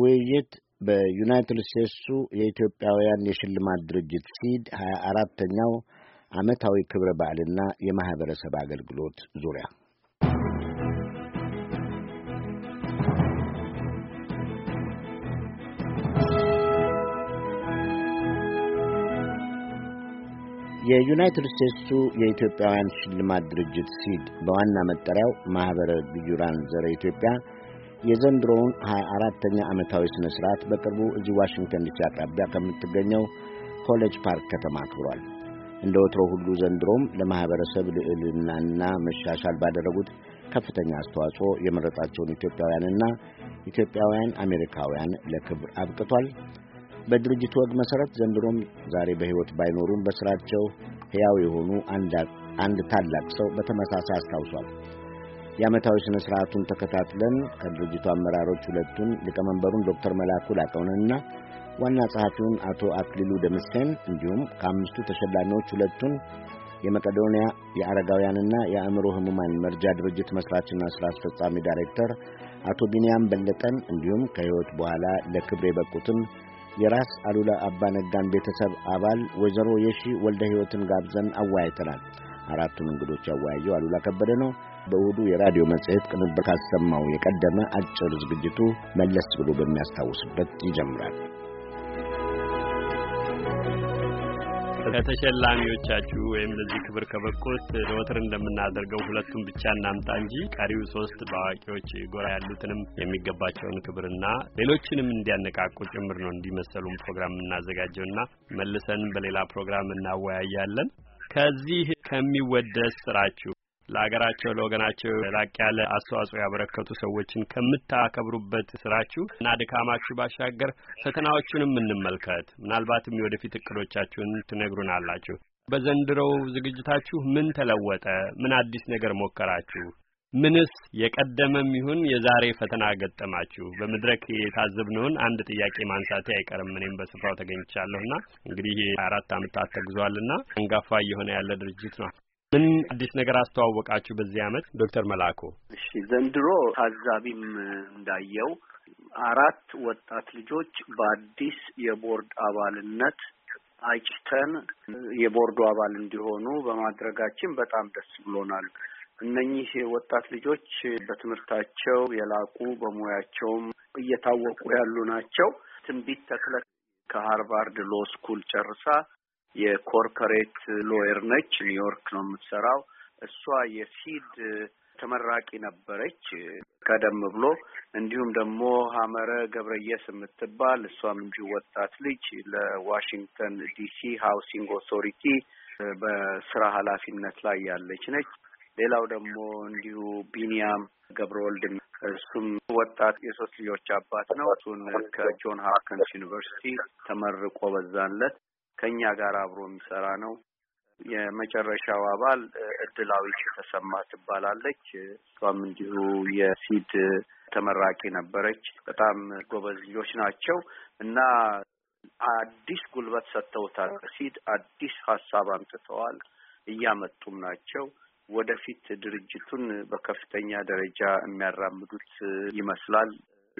ውይይት በዩናይትድ ስቴትሱ የኢትዮጵያውያን የሽልማት ድርጅት ሲድ ሀያ አራተኛው ዓመታዊ ክብረ በዓልና የማህበረሰብ አገልግሎት ዙሪያ የዩናይትድ ስቴትሱ የኢትዮጵያውያን ሽልማት ድርጅት ሲድ በዋና መጠሪያው ማኅበረ ብዩራን ዘረ ኢትዮጵያ የዘንድሮውን 24ተኛ ዓመታዊ ሥነ ሥርዓት በቅርቡ እዚህ ዋሽንግተን ዲሲ አቅራቢያ ከምትገኘው ኮሌጅ ፓርክ ከተማ አክብሯል። እንደ ወትሮ ሁሉ ዘንድሮም ለማኅበረሰብ ልዕልናና መሻሻል ባደረጉት ከፍተኛ አስተዋጽኦ የመረጣቸውን ኢትዮጵያውያንና ኢትዮጵያውያን አሜሪካውያን ለክብር አብቅቷል። በድርጅቱ ወግ መሠረት ዘንድሮም ዛሬ በሕይወት ባይኖሩም በሥራቸው ሕያው የሆኑ አንድ ታላቅ ሰው በተመሳሳይ አስታውሷል። የዓመታዊ ሥነ ሥርዓቱን ተከታትለን ከድርጅቱ አመራሮች ሁለቱን ሊቀመንበሩን ዶክተር መላኩ ላቀውንና ዋና ጸሐፊውን አቶ አክሊሉ ደምሴን እንዲሁም ከአምስቱ ተሸላሚዎች ሁለቱን የመቄዶንያ የአረጋውያንና የአእምሮ ሕሙማን መርጃ ድርጅት መሥራችና ሥራ አስፈጻሚ ዳይሬክተር አቶ ቢንያም በለጠን እንዲሁም ከሕይወት በኋላ ለክብር የበቁትን የራስ አሉላ አባነጋን ቤተሰብ አባል ወይዘሮ የሺ ወልደ ሕይወትን ጋብዘን አወያይተናል። አራቱን እንግዶች ያወያየው አሉላ ከበደ ነው። በእሁዱ የራዲዮ መጽሔት ቅንብ ካሰማው የቀደመ አጭር ዝግጅቱ መለስ ብሎ በሚያስታውስበት ይጀምራል። ከተሸላሚዎቻችሁ ወይም ለዚህ ክብር ከበቁት ለወትር እንደምናደርገው ሁለቱን ብቻ እናምጣ እንጂ ቀሪው ሶስት በአዋቂዎች ጎራ ያሉትንም የሚገባቸውን ክብርና ሌሎችንም እንዲያነቃቁ ጭምር ነው እንዲመሰሉን ፕሮግራም እናዘጋጀውና መልሰን በሌላ ፕሮግራም እናወያያለን። ከዚህ ከሚወደስ ስራችሁ ለሀገራቸው ለወገናቸው ላቅ ያለ አስተዋጽኦ ያበረከቱ ሰዎችን ከምታከብሩበት ስራችሁ እና ድካማችሁ ባሻገር ፈተናዎቹንም እንመልከት። ምናልባትም የወደፊት እቅዶቻችሁን ትነግሩናላችሁ። በዘንድሮው ዝግጅታችሁ ምን ተለወጠ? ምን አዲስ ነገር ሞከራችሁ? ምንስ የቀደመም ይሁን የዛሬ ፈተና ገጠማችሁ? በመድረክ የታዘብነውን አንድ ጥያቄ ማንሳቴ አይቀርም። እኔም በስፍራው ተገኝቻለሁና እንግዲህ አራት አመታት ተጉዟልና አንጋፋ እየሆነ ያለ ድርጅት ነው። ምን አዲስ ነገር አስተዋወቃችሁ በዚህ አመት ዶክተር መላኩ? እሺ ዘንድሮ ታዛቢም እንዳየው አራት ወጣት ልጆች በአዲስ የቦርድ አባልነት አጭተን የቦርዱ አባል እንዲሆኑ በማድረጋችን በጣም ደስ ብሎናል። እነኚህ ወጣት ልጆች በትምህርታቸው የላቁ በሙያቸውም እየታወቁ ያሉ ናቸው። ትንቢት ተክለ ከሃርቫርድ ሎ ስኩል ጨርሳ የኮርፖሬት ሎየር ነች። ኒውዮርክ ነው የምትሰራው። እሷ የሲድ ተመራቂ ነበረች ቀደም ብሎ። እንዲሁም ደግሞ ሀመረ ገብረየስ የምትባል እሷም እንዲሁ ወጣት ልጅ ለዋሽንግተን ዲሲ ሃውሲንግ ኦቶሪቲ በስራ ኃላፊነት ላይ ያለች ነች። ሌላው ደግሞ እንዲሁ ቢኒያም ገብረወልድ እሱም ወጣት የሶስት ልጆች አባት ነው። እሱን ከጆን ሀፕኪንስ ዩኒቨርሲቲ ተመርቆ በዛለት ከኛ ጋር አብሮ የሚሰራ ነው። የመጨረሻው አባል እድላዊት የተሰማ ትባላለች። እሷም እንዲሁ የሲድ ተመራቂ ነበረች። በጣም ጎበዝ ልጆች ናቸው እና አዲስ ጉልበት ሰጥተውታል። ሲድ አዲስ ሀሳብ አምጥተዋል፣ እያመጡም ናቸው። ወደፊት ድርጅቱን በከፍተኛ ደረጃ የሚያራምዱት ይመስላል።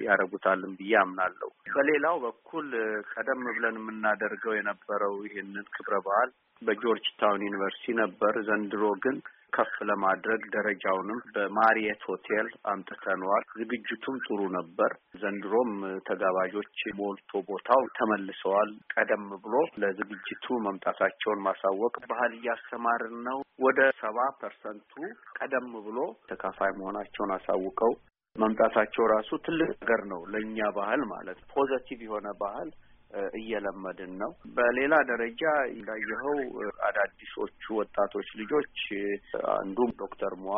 ያደርጉታልም ብዬ አምናለሁ። በሌላው በኩል ቀደም ብለን የምናደርገው የነበረው ይህንን ክብረ በዓል በጆርጅ ታውን ዩኒቨርሲቲ ነበር። ዘንድሮ ግን ከፍ ለማድረግ ደረጃውንም በማሪየት ሆቴል አምጥተነዋል። ዝግጅቱም ጥሩ ነበር። ዘንድሮም ተጋባዦች ሞልቶ ቦታው ተመልሰዋል። ቀደም ብሎ ለዝግጅቱ መምጣታቸውን ማሳወቅ ባህል እያስተማርን ነው። ወደ ሰባ ፐርሰንቱ ቀደም ብሎ ተካፋይ መሆናቸውን አሳውቀው መምጣታቸው ራሱ ትልቅ ነገር ነው ለእኛ ባህል ማለት ነው። ፖዘቲቭ የሆነ ባህል እየለመድን ነው። በሌላ ደረጃ እንዳየኸው አዳዲሶቹ ወጣቶች ልጆች አንዱም ዶክተር ሙዋ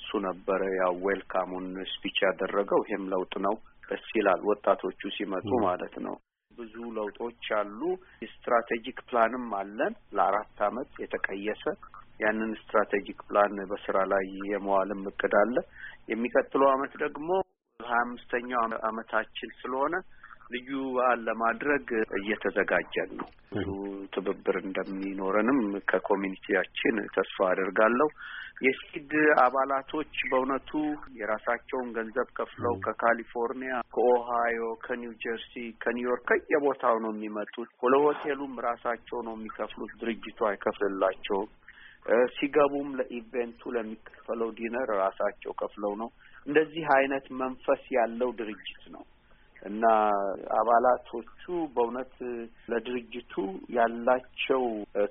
እሱ ነበረ ያው ዌልካሙን ስፒች ያደረገው። ይሄም ለውጥ ነው። ደስ ይላል ወጣቶቹ ሲመጡ ማለት ነው። ብዙ ለውጦች አሉ። ስትራቴጂክ ፕላንም አለን ለአራት አመት የተቀየሰ ያንን ስትራቴጂክ ፕላን በስራ ላይ የመዋልም እቅድ አለ። የሚቀጥለው አመት ደግሞ ሀያ አምስተኛው አመታችን ስለሆነ ልዩ በዓል ለማድረግ እየተዘጋጀን ነው። ብዙ ትብብር እንደሚኖረንም ከኮሚኒቲያችን ተስፋ አደርጋለሁ። የሲድ አባላቶች በእውነቱ የራሳቸውን ገንዘብ ከፍለው ከካሊፎርኒያ፣ ከኦሃዮ፣ ከኒው ጀርሲ፣ ከኒውዮርክ ከየቦታው ነው የሚመጡት። ለሆቴሉም ራሳቸው ነው የሚከፍሉት፣ ድርጅቱ አይከፍልላቸውም። ሲገቡም ለኢቬንቱ ለሚከፈለው ዲነር ራሳቸው ከፍለው ነው። እንደዚህ አይነት መንፈስ ያለው ድርጅት ነው እና አባላቶቹ በእውነት ለድርጅቱ ያላቸው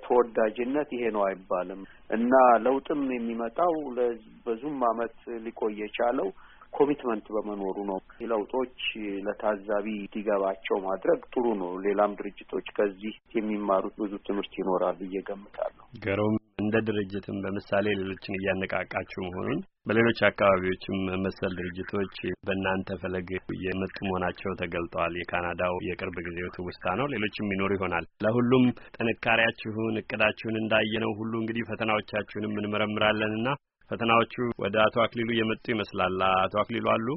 ተወዳጅነት ይሄ ነው አይባልም እና ለውጥም የሚመጣው ለብዙም አመት ሊቆይ የቻለው ኮሚትመንት በመኖሩ ነው። ለውጦች ለታዛቢ እንዲገባቸው ማድረግ ጥሩ ነው። ሌላም ድርጅቶች ከዚህ የሚማሩት ብዙ ትምህርት ይኖራል ብዬ እገምታለሁ። እንደ ድርጅትም በምሳሌ ሌሎችን እያነቃቃችሁ መሆኑን በሌሎች አካባቢዎችም መሰል ድርጅቶች በእናንተ ፈለግ የመጡ መሆናቸው ተገልጠዋል። የካናዳው የቅርብ ጊዜው ትውስታ ነው። ሌሎችም ይኖሩ ይሆናል። ለሁሉም ጥንካሬያችሁን፣ እቅዳችሁን እንዳየነው ሁሉ እንግዲህ ፈተናዎቻችሁንም እንመረምራለንና ፈተናዎቹ ወደ አቶ አክሊሉ የመጡ ይመስላል። አቶ አክሊሉ አሉ?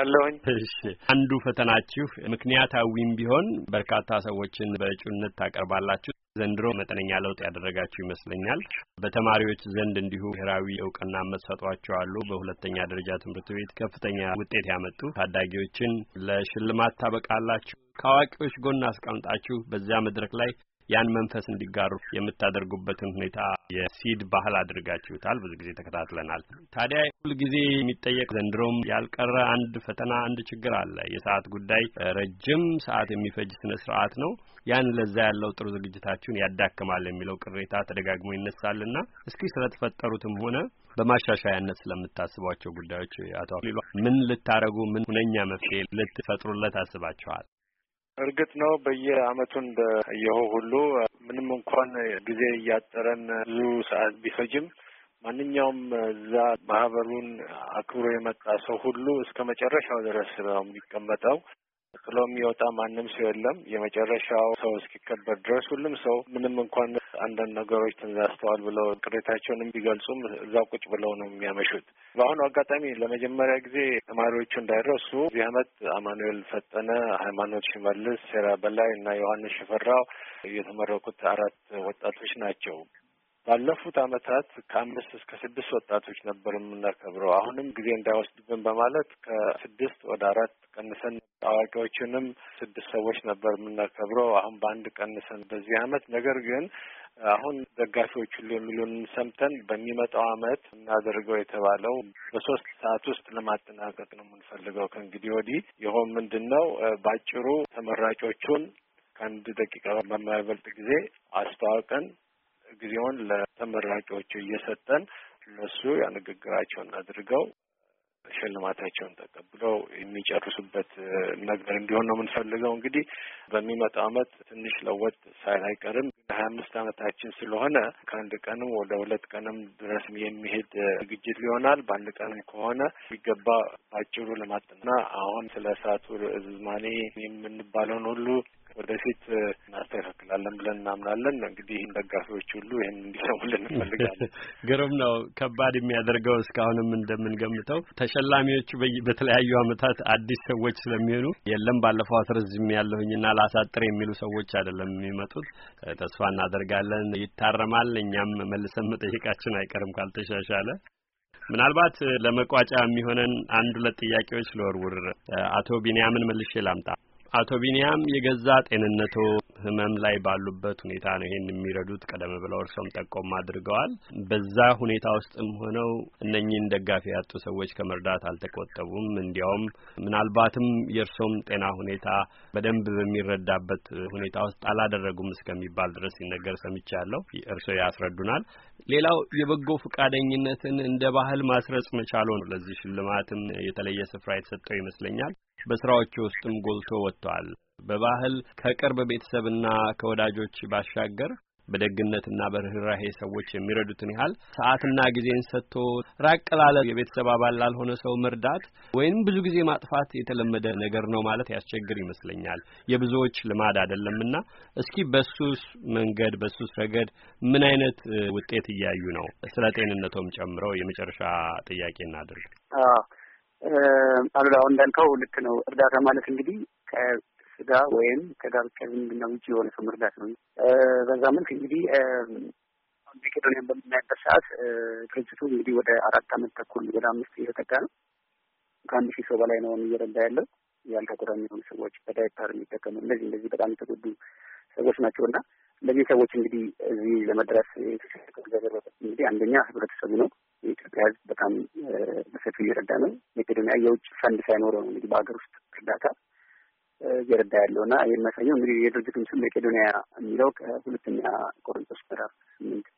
አለሁኝ። እሺ፣ አንዱ ፈተናችሁ ምክንያታዊም ቢሆን በርካታ ሰዎችን በእጩነት ታቀርባላችሁ። ዘንድሮ መጠነኛ ለውጥ ያደረጋችሁ ይመስለኛል። በተማሪዎች ዘንድ እንዲሁ ብሔራዊ እውቅና መሰጧቸው አሉ። በሁለተኛ ደረጃ ትምህርት ቤት ከፍተኛ ውጤት ያመጡ ታዳጊዎችን ለሽልማት ታበቃላችሁ። ከአዋቂዎች ጎን አስቀምጣችሁ በዚያ መድረክ ላይ ያን መንፈስ እንዲጋሩ የምታደርጉበትን ሁኔታ የሲድ ባህል አድርጋችሁታል። ብዙ ጊዜ ተከታትለናል። ታዲያ ሁልጊዜ የሚጠየቅ ዘንድሮም ያልቀረ አንድ ፈተና፣ አንድ ችግር አለ። የሰዓት ጉዳይ፣ ረጅም ሰዓት የሚፈጅ ስነ ስርዓት ነው። ያን ለዛ ያለው ጥሩ ዝግጅታችሁን ያዳክማል የሚለው ቅሬታ ተደጋግሞ ይነሳልና እስኪ ስለተፈጠሩትም ሆነ በማሻሻያነት ስለምታስቧቸው ጉዳዮች አቶ አክሊሉ ምን ልታረጉ ምን ሁነኛ መፍትሄ ልትፈጥሩለት አስባችኋል? እርግጥ ነው በየአመቱ እንደየሆ ሁሉ ምንም እንኳን ጊዜ እያጠረን ብዙ ሰዓት ቢፈጅም ማንኛውም እዛ ማህበሩን አክብሮ የመጣ ሰው ሁሉ እስከ መጨረሻው ድረስ ነው የሚቀመጠው። ጥሎ የሚወጣ ማንም ሰው የለም። የመጨረሻው ሰው እስኪከበር ድረስ ሁሉም ሰው ምንም እንኳን አንዳንድ ነገሮች ተንዛዝተዋል ብለው ቅሬታቸውንም ቢገልጹም እዛ ቁጭ ብለው ነው የሚያመሹት። በአሁኑ አጋጣሚ ለመጀመሪያ ጊዜ ተማሪዎቹ እንዳይረሱ እዚህ ዓመት አማኑኤል ፈጠነ፣ ሃይማኖት ሽመልስ፣ ሴራ በላይ እና ዮሐንስ ሽፈራው የተመረቁት አራት ወጣቶች ናቸው። ባለፉት አመታት ከአምስት እስከ ስድስት ወጣቶች ነበር የምናከብረው። አሁንም ጊዜ እንዳይወስድብን በማለት ከስድስት ወደ አራት ቀንሰን አዋቂዎችንም ስድስት ሰዎች ነበር የምናከብረው። አሁን በአንድ ቀንሰን በዚህ አመት ነገር ግን አሁን ደጋፊዎች ሁሉ የሚሉን ሰምተን በሚመጣው አመት እናደርገው የተባለው በሶስት ሰዓት ውስጥ ለማጠናቀቅ ነው የምንፈልገው። ከእንግዲህ ወዲህ ይኸውም ምንድን ነው በአጭሩ ተመራጮቹን ከአንድ ደቂቃ በማይበልጥ ጊዜ አስተዋውቀን ጊዜውን ለተመራቂዎቹ እየሰጠን እነሱ ንግግራቸውን አድርገው ሽልማታቸውን ተቀብለው የሚጨርሱበት ነገር እንዲሆን ነው የምንፈልገው። እንግዲህ በሚመጣው ዓመት ትንሽ ለወጥ ሳይል አይቀርም። ሀያ አምስት አመታችን ስለሆነ ከአንድ ቀንም ወደ ሁለት ቀንም ድረስ የሚሄድ ዝግጅት ሊሆናል። በአንድ ቀንም ከሆነ የሚገባ ባጭሩ ለማጥና አሁን ስለ እሳቱ ዝማኔ የምንባለውን ሁሉ ወደፊት እናስተካክላለን ብለን እናምናለን። እንግዲህ ደጋፊዎች ሁሉ ይህን እንዲሰሙልን እንፈልጋለን። ግሩም ነው። ከባድ የሚያደርገው እስካሁንም እንደምንገምተው ተሸላሚዎቹ በተለያዩ አመታት አዲስ ሰዎች ስለሚሆኑ የለም ባለፈው አስረዝም ያለሁኝና ላሳጥር የሚሉ ሰዎች አይደለም የሚመጡት። ተስፋ እናደርጋለን ይታረማል። እኛም መልሰን መጠየቃችን አይቀርም ካልተሻሻለ ምናልባት ለመቋጫ የሚሆነን አንድ ሁለት ጥያቄዎች ለወርውር። አቶ ቢንያምን መልሼ ላምጣ። አቶ ቢንያም የገዛ ጤንነቶ ህመም ላይ ባሉበት ሁኔታ ነው ይሄን የሚረዱት። ቀደም ብለው እርሶም ጠቆም አድርገዋል። በዛ ሁኔታ ውስጥም ሆነው እነኚህን ደጋፊ ያጡ ሰዎች ከመርዳት አልተቆጠቡም። እንዲያውም ምናልባትም የእርሶም ጤና ሁኔታ በደንብ በሚረዳበት ሁኔታ ውስጥ አላደረጉም እስከሚባል ድረስ ሲነገር ሰምቻለሁ። እርሶ ያስረዱናል። ሌላው የበጎ ፈቃደኝነትን እንደ ባህል ማስረጽ መቻሎ ነው። ለዚህ ሽልማትም የተለየ ስፍራ የተሰጠው ይመስለኛል። በስራዎቹ ውስጥም ጎልቶ ወጥቷል። በባህል ከቅርብ ቤተሰብና ከወዳጆች ባሻገር በደግነትና በርኅራሄ ሰዎች የሚረዱትን ያህል ሰዓትና ጊዜን ሰጥቶ ራቅ ላለ የቤተሰብ አባል ላልሆነ ሰው መርዳት ወይም ብዙ ጊዜ ማጥፋት የተለመደ ነገር ነው ማለት ያስቸግር ይመስለኛል። የብዙዎች ልማድ አይደለምና እስኪ በሱስ መንገድ በሱስ ረገድ ምን አይነት ውጤት እያዩ ነው? ስለ ጤንነቶም ጨምረው የመጨረሻ ጥያቄ እናድርግ። አሉላ እንዳልከው ልክ ነው። እርዳታ ማለት እንግዲህ ከስጋ ወይም ከጋብቻ ዝምድና ውጭ የሆነ ሰው መርዳት ነው። በዛ መልክ እንግዲህ መቄዶኒያን በምናያበት ሰዓት ድርጅቱ እንግዲህ ወደ አራት አመት ተኩል ወደ አምስት እየተጠጋ ነው። ከአንድ ሺህ ሰው በላይ ነው እየረዳ ያለው ያልተጎዳኝ የሆኑ ሰዎች በዳይፐር የሚጠቀሙ እነዚህ እንደዚህ በጣም የተጎዱ ሰዎች ናቸው እና እነዚህ ሰዎች እንግዲህ እዚህ ለመድረስ እንግዲህ አንደኛ ህብረተሰቡ ነው የኢትዮጵያ ሕዝብ በጣም በሰፊው እየረዳ ነው። መቄዶንያ የውጭ ፈንድ ሳይኖረው ነው እንግዲህ በሀገር ውስጥ እርዳታ እየረዳ ያለው እና የሚያሳየው እንግዲህ የድርጅቱን ስም መቄዶንያ የሚለው ከሁለተኛ ቆሮንቶስ ምዕራፍ ስምንት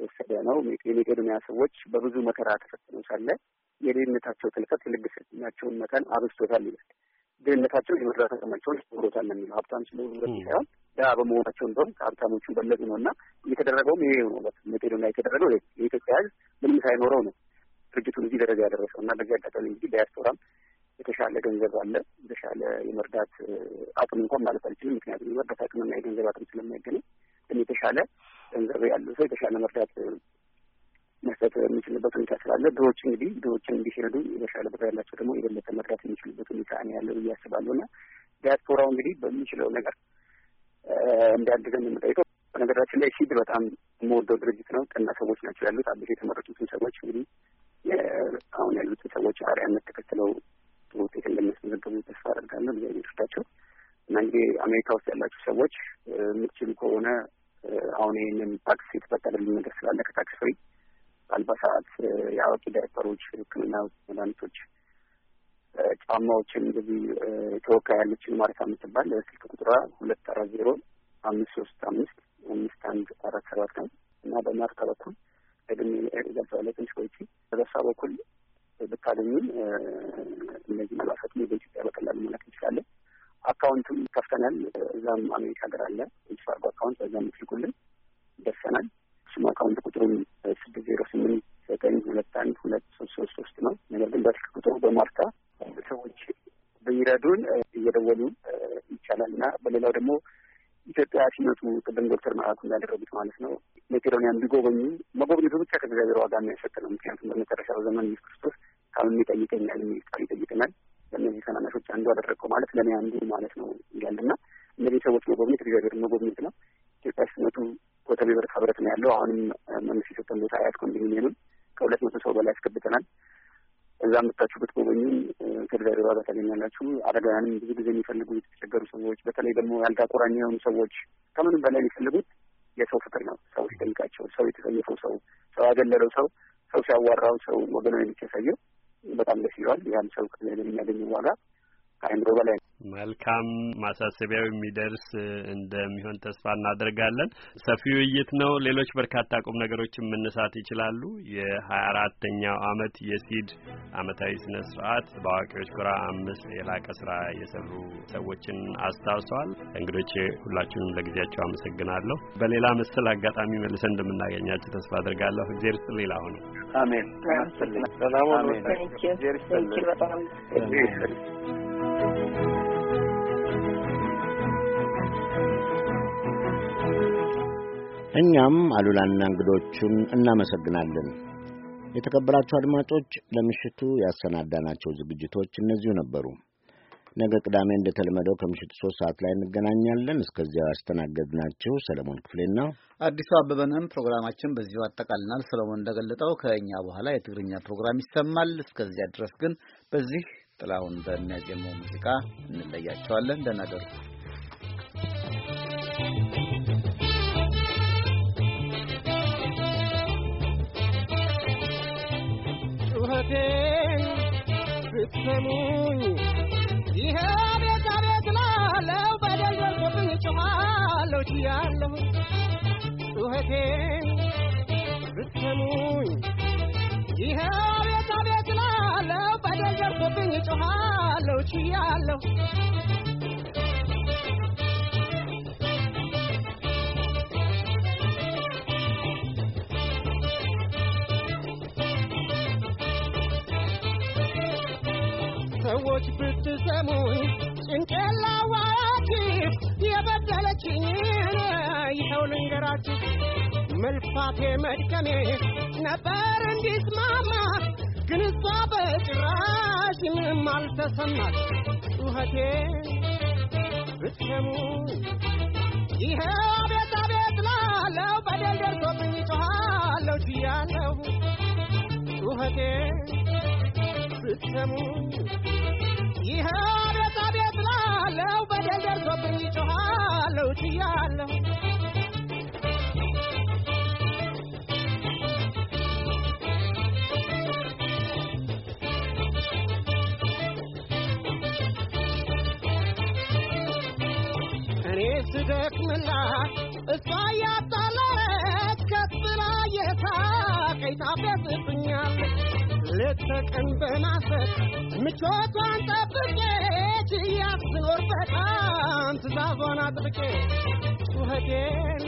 የወሰደ ነው። የመቄዶንያ ሰዎች በብዙ መከራ ተፈትነው ሳለ የድህነታቸው ጥልቀት የልግስናቸውን መጠን አብዝቶታል ይላል። ድህነታቸው የመርዳት አቅማቸውን ነው የሚለው ሀብታም ስለ ብረት ሳይሆን ያ በመሆናቸው እንደውም ከሀብታሞቹ በለጡ ነው እና እየተደረገውም ይሄ ነው። መቄዶንያ የተደረገው የኢትዮጵያ ህዝብ ምንም ሳይኖረው ነው ድርጅቱን እዚህ ደረጃ ያደረሰው እና በዚህ አጋጣሚ እንግዲህ ዳያስፖራም የተሻለ ገንዘብ አለ የተሻለ የመርዳት አቅም እንኳን ማለት አልችልም። ምክንያቱም የመርዳት አቅምና የገንዘብ አቅም ስለማይገኝ ግን የተሻለ ገንዘብ ያለው ሰው የተሻለ መርዳት መስጠት የሚችልበት ሁኔታ ስላለ ድሮች እንግዲህ ድሮችን እንዲሄዱ የተሻለ ቦታ ያላቸው ደግሞ የበለጠ መርዳት የሚችልበት ሁኔታ እኔ ያለው ብዬ አስባለሁ እና ዲያስፖራው እንግዲህ በሚችለው ነገር እንዲያግዘን የምጠይቀው በነገራችን ላይ ሲድ በጣም የምወደው ድርጅት ነው። ጠና ሰዎች ናቸው ያሉት። አብ የተመረጡትን ሰዎች እንግዲህ አሁን ያሉትን ሰዎች አርአያነት ተከትለው ጥሩ ውጤት እንደሚያስመዘግቡ ተስፋ አደርጋለሁ። እግዚአብሔር ይርዳቸው እና እንግዲህ አሜሪካ ውስጥ ያላችሁ ሰዎች የምትችሉ ከሆነ አሁን ይህንን ታክስ የተፈጠረልን ነገር ስላለ ከታክስ ፍሪ አልባ ሰዓት የአዋቂ ዳይሬክተሮች ሕክምና መድኃኒቶች፣ ጫማዎችን እንደዚህ ተወካይ ያለችን ማርታ የምትባል ስልክ ቁጥሯ ሁለት አራት ዜሮ አምስት ሶስት አምስት አምስት አንድ አራት ሰባት ነው እና በማርታ በኩል ቅድም ገልጸዋለ ትንሽ ቆይቼ በበሳ በኩል ብታገኙም እነዚህ አልባሳት በኢትዮጵያ በቀላሉ መላክ እንችላለን። አካውንትም ከፍተናል። እዛም አሜሪካ ሀገር አለ ኢንስፋርጎ አካውንት በዛም ትልኩልን ደርሰናል። የእሱም አካውንት ቁጥሩም ስድስት ዜሮ ስምንት ዘጠኝ ሁለት አንድ ሁለት ሶስት ሶስት ሶስት ነው። ነገር ግን በስልክ ቁጥሩ በማርካ ሰዎች በይረዱን እየደወሉ ይቻላል እና በሌላው ደግሞ ኢትዮጵያ ሲመጡ ቅድም ዶክተር መራኩ እንዳደረጉት ማለት ነው መቄዶንያን ቢጎበኙ መጎብኘቱ ብቻ ከእግዚአብሔር ዋጋ የሚያሰጥ ነው። ምክንያቱም በመጨረሻው ዘመን ኢየሱስ ክርስቶስ ካሁን ይጠይቀኛል የሚል ቃል ይጠይቀናል። በእነዚህ ታናናሾች አንዱ አደረገው ማለት ለእኔ አንዱ ማለት ነው ይላል እነዚህ ሰዎች መጎብኘት እግዚአብሔር መጎብኘት ነው። ኢትዮጵያ ሲመጡ ኮተቤ በርካ ብረት ነው ያለው። አሁንም መንግስት የሰጠን ቦታ አያት ኮንዶሚኒየምም ከሁለት መቶ ሰው በላይ አስገብተናል። እዛ መጥታችሁ ብትጎበኙም ከድሬዳዋ ጋር ታገኛላችሁ። አረጋውያንም ብዙ ጊዜ የሚፈልጉ የተቸገሩ ሰዎች፣ በተለይ ደግሞ ያልጋ የሆኑ ሰዎች ከምንም በላይ የሚፈልጉት የሰው ፍቅር ነው። ሰው ሲጠይቃቸው፣ ሰው የተሰየፈው ሰው ሰው ያገለለው ሰው ሰው ሲያዋራው ሰው ወገናዊ ብቻ ያሳየው በጣም ደስ ይለዋል። ያም ሰው ከዚ የሚያገኘው ዋጋ ከአይምሮ በላይ መልካም ማሳሰቢያው የሚደርስ እንደሚሆን ተስፋ እናደርጋለን። ሰፊ ውይይት ነው። ሌሎች በርካታ ቁም ነገሮችን መነሳት ይችላሉ። የሀያ አራተኛው አመት የሲድ አመታዊ ስነ ስርአት በአዋቂዎች ጎራ አምስት የላቀ ስራ የሰሩ ሰዎችን አስታውሰዋል። እንግዶች ሁላችሁንም ለጊዜያቸው አመሰግናለሁ። በሌላ መሰል አጋጣሚ መልሰን እንደምናገኛቸው ተስፋ አድርጋለሁ። እግዜር ስጥ ሌላ ሆነ አሜን። ሰላሙ ቴንኪ በጣም እኛም አሉላና እንግዶቹን እናመሰግናለን። የተከበራችሁ አድማጮች ለምሽቱ ያሰናዳናቸው ዝግጅቶች እነዚሁ ነበሩ። ነገ ቅዳሜ እንደተለመደው ከምሽቱ ሶስት ሰዓት ላይ እንገናኛለን። እስከዚያው ያስተናገድናችሁ ሰለሞን ክፍሌና አዲሱ አበበንም ፕሮግራማችን በዚሁ አጠቃልናል። ሰለሞን እንደገለጠው ከእኛ በኋላ የትግርኛ ፕሮግራም ይሰማል። እስከዚያ ድረስ ግን በዚህ ጥላሁን በሚያዜመው ሙዚቃ እንለያቸዋለን። ደህና ደሩ። ጩኸቴን ብትሰሙኝ ይሄ ቤት አቤት ላለው በደል ደርሶብኝ ጮኻለሁ ችያለሁ ጩኸቴን ብትሰሙኝ ይሄ ቤት አቤት ላለው በደል ደርሶብኝ ጮኻለሁ ችያለሁ ሰዎች ብትሰሙኝ ጭንቄላ ዋያችሁ የበደለችኝ ይኸው ልንገራችሁ። መልፋቴ መድከሜ ነበር እንዲስማማ ግን እሷ በጭራሽ ምንም አልተሰማት። ጩኸቴ ብትሰሙ ይኸው አቤት አቤት ላለው በደል ደርሶብኝ ጮኋለሁ ችያለሁ ጩኸቴ ብትሰሙ ይኸው አቤት አቤት ላለው በደል ደርሶብኝ ጮኋለሁ ችያለሁ እኔ ስደክምና ተቀን በናፈቅ ምቾቷን ጠብቄ ችያት ስኖር በጣም ትዛዟን አጥብቄ ጩኸቴን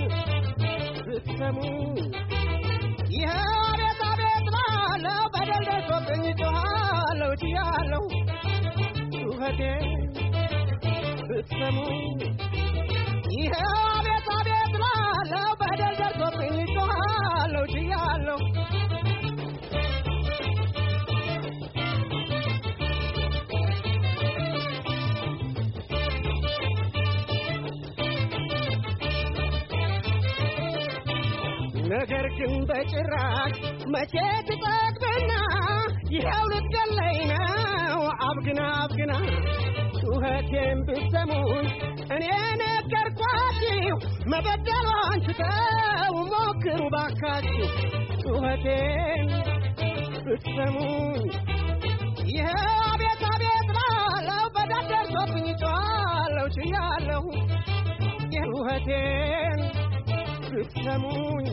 ብትሰሙ ይኸው አቤት አቤት ባለው በደል ደርሶብኝ ችያለሁ ጩኸቴን ብትሰሙ ይኸው በጭራሽ መቼ ትጠግብና ይኸው ልትገለኝ ነው። አብግና አብግና ጩኸቴን ብሰሙኝ እኔ ነገርኳችሁ። መበደሏን ትተው ሞክሩ ባካችሁ። ጩኸቴን ብትሰሙኝ ይኸው አቤት አቤት ላለው በዳር ደርሶብኝ ጮኋለሁ ችያለሁ ጩኸቴን ብትሰሙኝ